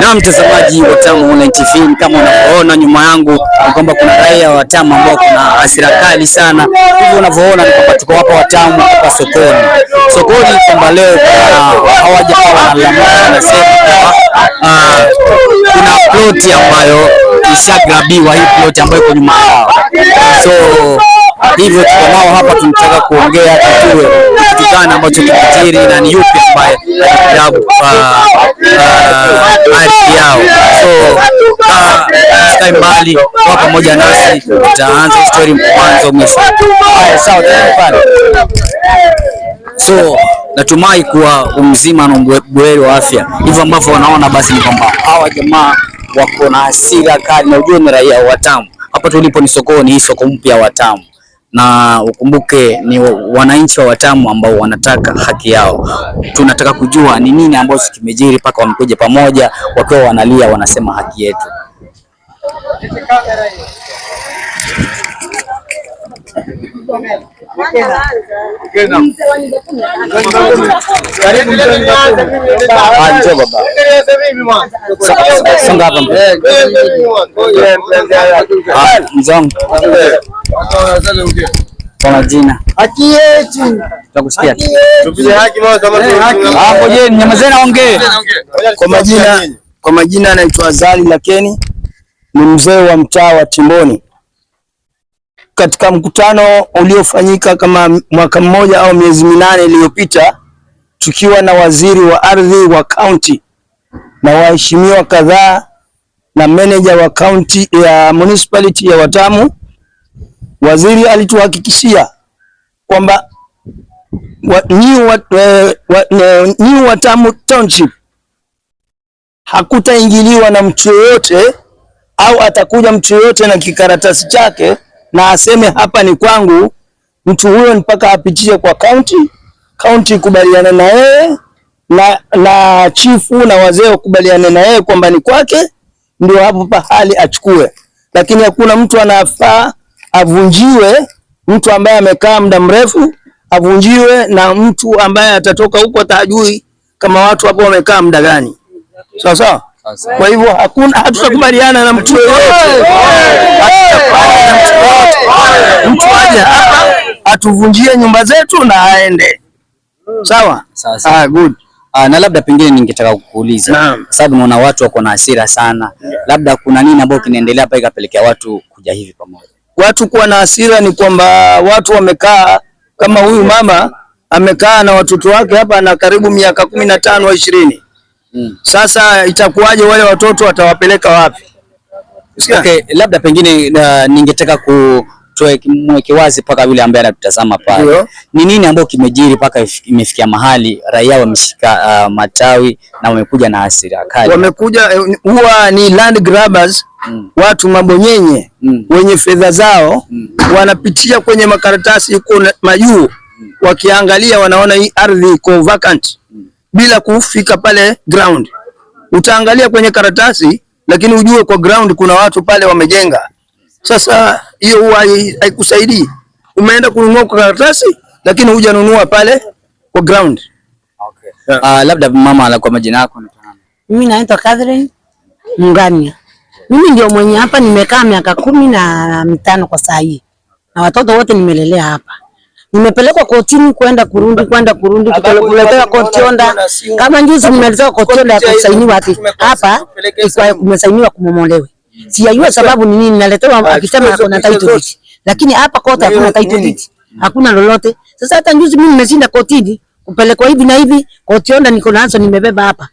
Na mtazamaji wa Tamu Online TV, kama unavyoona nyuma yangu kwamba kuna raia wa Tamu ambao kuna hasira kali sana. Hivyo unavyoona ni kwamba tuko hapa wa Tamu kwa sokoni, sokoni kwamba leo hawajakuwa na wanasema ah, kuna ploti ambayo ishagrabiwa, hii ploti ambayo iko nyuma yao, so hivyo tuko nao hapa, tunataka kuongea tujue kitu gani ambacho kimejiri na ni yupi ambaye anajabu uh, uh, ardhi yao. So stai uh, mbali kwa pamoja nasi, tutaanza stori mwanzo mwisho. So natumai kuwa umzima na buheri wa afya. Hivyo ambavyo wanaona basi ni kwamba hawa jamaa wako na hasira kali, na ujue ni raia wa Watamu. Hapa tulipo ni sokoni, hii soko mpya Watamu na ukumbuke ni wananchi wa Watamu ambao wanataka haki yao. Tunataka kujua ni nini ambacho kimejiri mpaka wamekuja pamoja wakiwa wanalia wanasema haki yetu. Kwa jina haki yetu, hapo. Nyamazeni, aongee kwa majina. Kwa majina anaitwa Azali Lakeni, ni mzee wa mtaa wa Timboni katika mkutano uliofanyika kama mwaka mmoja au miezi minane iliyopita, tukiwa na waziri wa ardhi wa kaunti na waheshimiwa kadhaa na meneja wa kaunti ya municipality ya Watamu, waziri alituhakikishia kwamba wa, New, wa, wa, New Watamu Township hakutaingiliwa na mtu yoyote au atakuja mtu yoyote na kikaratasi chake na aseme hapa ni kwangu, mtu huyo mpaka apitie kwa kaunti, kaunti ikubaliane na yeye na, na chifu na wazee wakubaliane na yeye kwamba ni kwake, ndio hapo pahali achukue. Lakini hakuna mtu anafaa avunjiwe, mtu ambaye amekaa muda mrefu avunjiwe na mtu ambaye atatoka huko atajui kama watu hapo wamekaa muda gani. Sawa sawa. Kwa hivyo hakuna, hatutakubaliana na mtu yeyote. atuvunjie nyumba zetu na aende. Hmm. Sawa? Sawa, sawa. Ah, good. Ah, na labda pengine ningetaka kukuuliza kwa sababu naona watu wako na hasira sana, yeah. Labda kuna nini ambayo kinaendelea hapa ikapelekea watu kuja hivi pamoja? Watu kuwa na hasira ni kwamba watu wamekaa kama huyu mama amekaa na watoto wake hapa na karibu miaka kumi na tano ishirini. Mm. Sasa itakuwaje wale watoto watawapeleka wapi? Okay, labda pengine uh, ningetaka ku mweke wazi mpaka yule ambaye anatutazama pale, ni nini ambayo kimejiri mpaka imefikia mahali raia wameshika uh, matawi na wamekuja na hasira kali, wamekuja eh, huwa ni land grabbers mm. watu mabonyenye mm. wenye fedha zao mm. wanapitia kwenye makaratasi huko majuu mm. wakiangalia, wanaona hii ardhi iko vacant mm. bila kufika pale ground. Utaangalia kwenye karatasi, lakini ujue kwa ground kuna watu pale wamejenga sasa hiyo huwa haikusaidii. Umeenda kununua kwa karatasi, lakini hujanunua pale kwa ground. Okay. Yeah. Uh, labda mama ala kwa majina yako na tunana. Mimi naitwa Catherine Mungania. Mimi ndio mwenye hapa nimekaa miaka kumi na mitano kwa saa hii. Na watoto wote nimelelea hapa. Nimepelekwa kotini kwenda kurundi kwenda kurundi kupelekwa kotionda. Kama juzi nimelezwa kotionda ya kusainiwa hapa hapa kumesainiwa kumomolewe. Mm. Sijajua sababu ni nini naletewa ah, akisema kuna title deed. Lakini hapa kota hakuna title deed. Hakuna lolote. Sasa hata juzi mimi nimeshinda kotini kupelekwa hivi na hivi, koti onda niko nazo nimebeba hapa.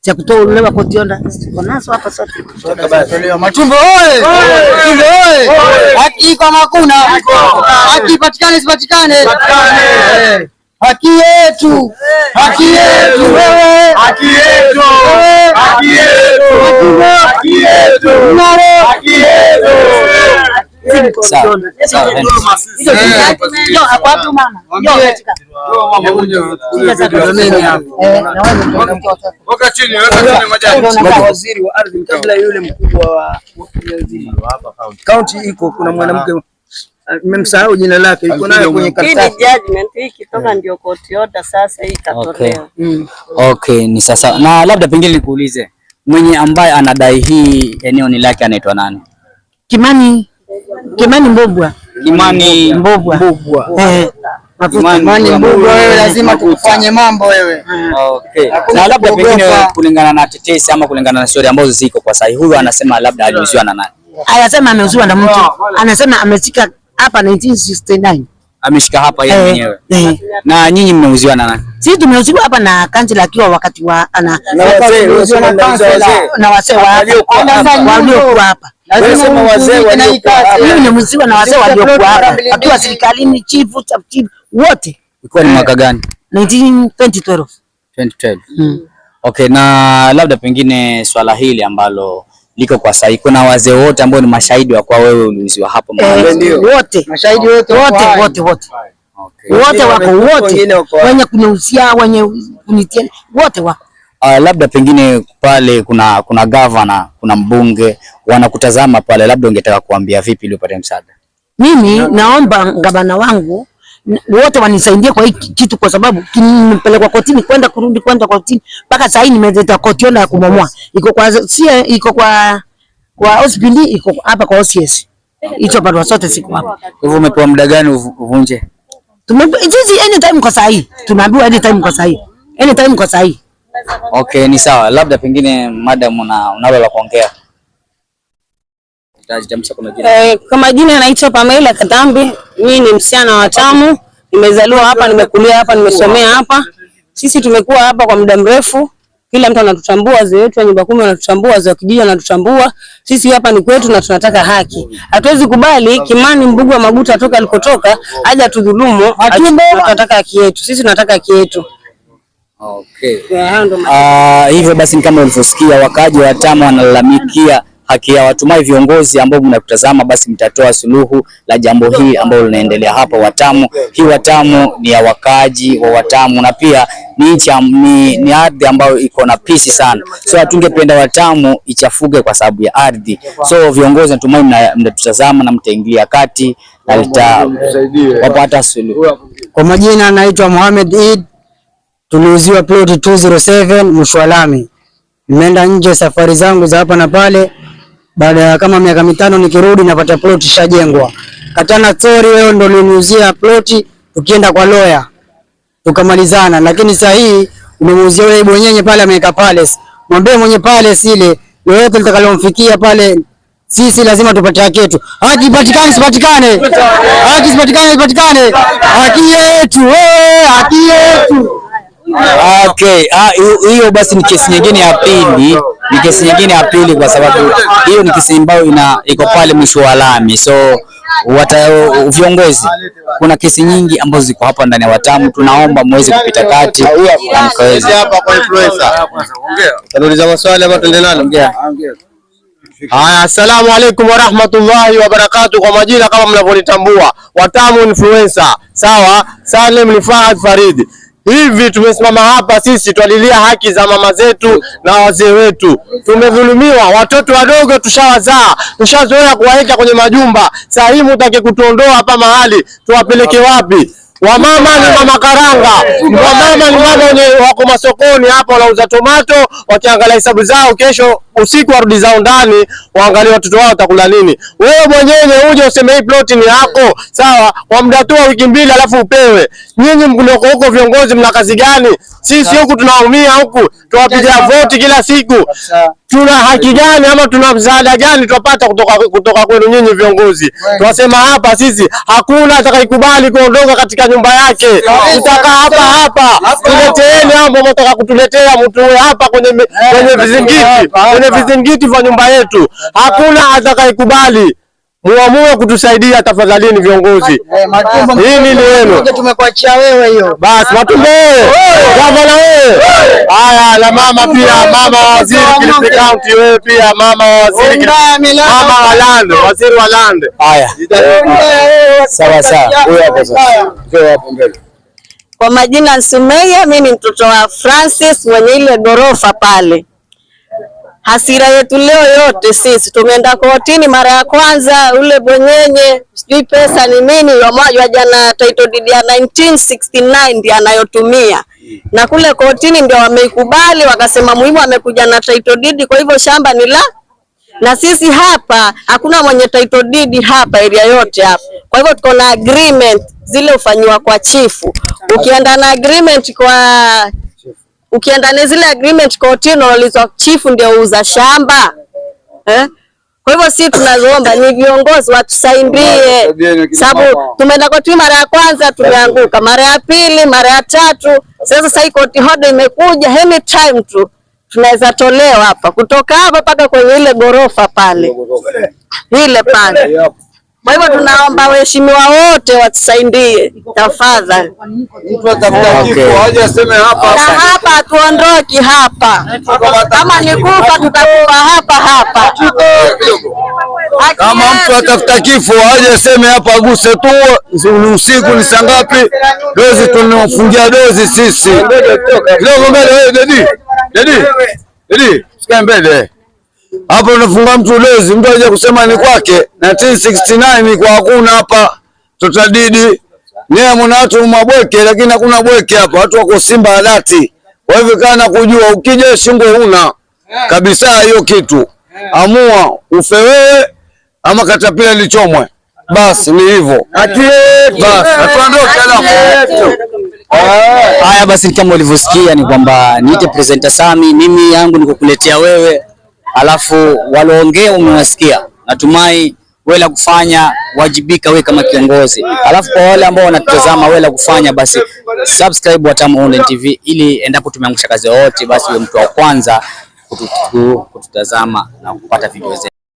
Cha kutoa ulewa koti onda niko nazo hapa sote. Matumbo oye! Matumbo oye! Haki kwa makuna. Haki patikane isipatikane. Eh. Haki yetu haki yetu wewe, haki yetu, haki yetu, haki yetu, haki yetu. Waziri wa ardhi kabla yule mkubwa wa kaunti iko, kuna mwanamke Mmemsahau jina lake, yuko nayo kwenye karatasi. Hii ni judgment hii kitoka ndio court order sasa hii katolewa. Mm. Okay, ni sasa. Na labda pengine nikuulize mwenye ambaye anadai hii eneo ni lake anaitwa nani? Kimani Kimani Mbobwa. Kimani Mbobwa. Mbobwa. Eh. Kimani Mbobwa, wewe lazima tukufanye mambo wewe. Okay. Na labda pengine kulingana na tetesi ama kulingana na story ambazo ziko kwa sasa, huyu anasema labda aliuziwa na nani? Anasema ameuziwa na mtu. Anasema ameshika hapa 1969 ameshika hapa yeye eh, mwenyewe eh. Na nyinyi mmeuziwa na nani? Sisi tumeuziwa hapa na kansela akiwa wakati wa ana na wazee na wazee waliokuwa hapa. nimeuziwa na wazee waliokuwa hapa akiwa serikalini, chifu chifu wote. Ilikuwa ni eh, mwaka gani? 2012. 2012. Mm. Okay, na labda pengine swala hili ambalo liko kwa sahi Kuna wazee wote ambao ni mashahidi wa kwa wewe uliuziwa hapo eh, wote mashahidi wote wote wote wote wote wako wote wenye kuniuzia wenye kunitia wote wako. Uh, labda pengine pale kuna kuna gavana kuna mbunge wanakutazama pale, labda ungetaka kuambia vipi ili upate msaada? Mimi naomba gavana wangu wote wanisaidie kwa hii kitu, kwa sababu kinipelekwa kotini kwenda kurudi kwenda kotini, mpaka sasa hii nimeleta kotiona ya kumomoa, iko kwa sie, iko kwa kwa hospitali, iko hapa kwa OCS, hicho barua zote siko hapa. Hivyo umepewa muda gani uvunje? Tumejiji anytime kwa sahi, tunaambiwa anytime kwa sahi, anytime kwa sahi. Okay, ni sawa. Labda pengine madam, una unalo la kuongea Eh, kwa majina anaitwa Pamela Kadhambi. Mimi ni msichana wa Tamu, nimezaliwa hapa, nimekulia hapa, nimesomea hapa. Sisi tumekuwa hapa kwa muda mrefu, kila mtu anatutambua, wazee wetu wa nyumba kumi wanatutambua, wazee wa kijiji wanatutambua. Sisi hapa ni kwetu na tunataka haki. Hatuwezi kubali Kimani Mbugu wa Maguta atoka alikotoka aje atudhulumu. Tunataka haki yetu, sisi tunataka haki yetu. Okay. Uh, Hivyo basi, kama ulivyosikia, wakaaji wa Tamu wanalalamikia haki ya watumai viongozi ambao mnakutazama, basi mtatoa suluhu la jambo hili ambalo linaendelea hapa Watamu. Hii Watamu ni ya wakaaji wa Watamu na pia ni nchi ni, ni ardhi ambayo iko na pisi sana, so hatungependa Watamu ichafuke kwa sababu ya ardhi. So viongozi, natumai mnatutazama na mtaingilia kati na litawapata suluhu. Kwa majina anaitwa Mohamed Eid, tuliuziwa plot 207 Mshwalami. Nimeenda nje safari zangu za hapa na pale baada ya kama miaka mitano nikirudi napata plot ishajengwa. Katana story, wewe ndo uliniuzia plot, tukienda kwa lawyer tukamalizana, lakini sasa hii umemuuzia yeye mwenyewe pale, ameweka palace. Mwambie mwenye palace ile lolote litakalomfikia pale, sisi lazima tupate haki yetu. Haki ipatikane sipatikane, haki sipatikane ipatikane, haki yetu eh, haki yetu. Okay, ah, hiyo basi ni kesi nyingine ya pili ni kesi nyingine ya pili, kwa sababu hiyo ni kesi ambayo ina iko pale mwisho wa lami, so wata viongozi, kuna kesi nyingi ambazo ziko hapa ndani ya Watamu, tunaomba mwezi kupita kati na mkaweze Haya, assalamu alaikum warahmatullahi wabarakatu. Kwa majina kama mnavyonitambua, Watamu influencer, sawa. Salim ni Fahad Farid hivi tumesimama hapa sisi twalilia haki za mama zetu na wazee wetu. Tumedhulumiwa, watoto wadogo tushawazaa, tushazoea kuwaweka kwenye majumba. Sasa hii mtake kutuondoa hapa mahali, tuwapeleke wapi? Wamama ni mama karanga, wamama ni wale wako masokoni hapa, wanauza tomato, wakiangalia hesabu zao, kesho usiku warudi zao ndani, waangalie watoto wao watakula nini. Wewe mwenyewe uje useme hii ploti ni yako, sawa, kwa muda tu wiki mbili, alafu upewe. Nyinyi mlioko huko viongozi, mna kazi gani? Sisi huku tunaumia, huku tuwapigia voti kila siku tuna haki gani ama tuna msaada gani tupata kutoka, kutoka kwenu nyinyi viongozi? tunasema hapa sisi hakuna atakayekubali kuondoka katika nyumba yake, tutakaa hapa hapa. Tuleteeni hapo mtaka kutuletea, mtu hapa kwenye vizingiti, kwenye vizingiti vya nyumba yetu, hakuna atakayekubali Muamue kutusaidia tafadhalini, viongozi, eh, hii ni yenu? Tumekuachia wewe hiyo basi. Matumbe wewe, gavana wewe, haya na mama pia, mama waziri Kilifi County, wewe pia mama wa waziri, mama wa Lande, waziri wa land. Haya, sawa sawa, huyo hapo sasa, njoo hapo mbele. Kwa majina Sumeya, mimi ni mtoto wa Francis mwenye ile gorofa pale Hasira yetu leo yote sisi tumeenda kotini mara ya kwanza, ule bwenyenye sijui pesa ni nini, wamajaja jana title deed ya 1969 ndio anayotumia na kule kotini ndio wameikubali, wakasema muhimu amekuja na title deed, kwa hivyo shamba ni la na sisi hapa hakuna mwenye title deed hapa area yote hapa. Kwa hivyo tuko na agreement zile ufanyiwa kwa chifu, ukienda na agreement kwa ukienda na zile agreement kotini unaulizwa chifu ndio uza shamba eh? Kwa hivyo si tunazoomba ni viongozi watusaidie, sababu tumeenda kotini mara ya kwanza tumeanguka, mara ya pili, mara ya tatu. Sasa sasa koti hodo imekuja any time tu tunaweza tolewa hapa, kutoka hapa mpaka kwenye ile gorofa pale ile pale kwa hivyo tunaomba waheshimiwa wote watusaidie tafadhali, na hapa hatuondoki hapa, kama ni kufa tutakufa hapa hapa. Kama mtu atafuta kifo aje aseme hapa, aguse tu. Ni usiku ni saa ngapi? Dozi tunafungia dozi sisi kidogo mbele. Dedi, dedi, dedi, sikae mbele hapo unafunga mtu ulezi, mtu aje kusema ni kwake. 1969 kwa hakuna hapa, tutadidi naye mwana watu mabweke, lakini hakuna bweke hapa, watu wako Simba adati. Kwa hivyo kana kujua, ukija shingo huna kabisa hiyo kitu, amua ufe ama katapila lichomwe, basi ni hivyo. Haya basi, kama ulivyosikia ni kwamba niite presenter Sami, mimi yangu nikukuletea wewe alafu waloongea umewasikia. Natumai wewe la kufanya wajibika wewe kama kiongozi, alafu kwa wale ambao wanatutazama, wewe la kufanya basi subscribe Watamu Online TV, ili endapo tumeangusha kazi yoyote, basi wewe mtu wa kwanza kututazama na kupata video zetu.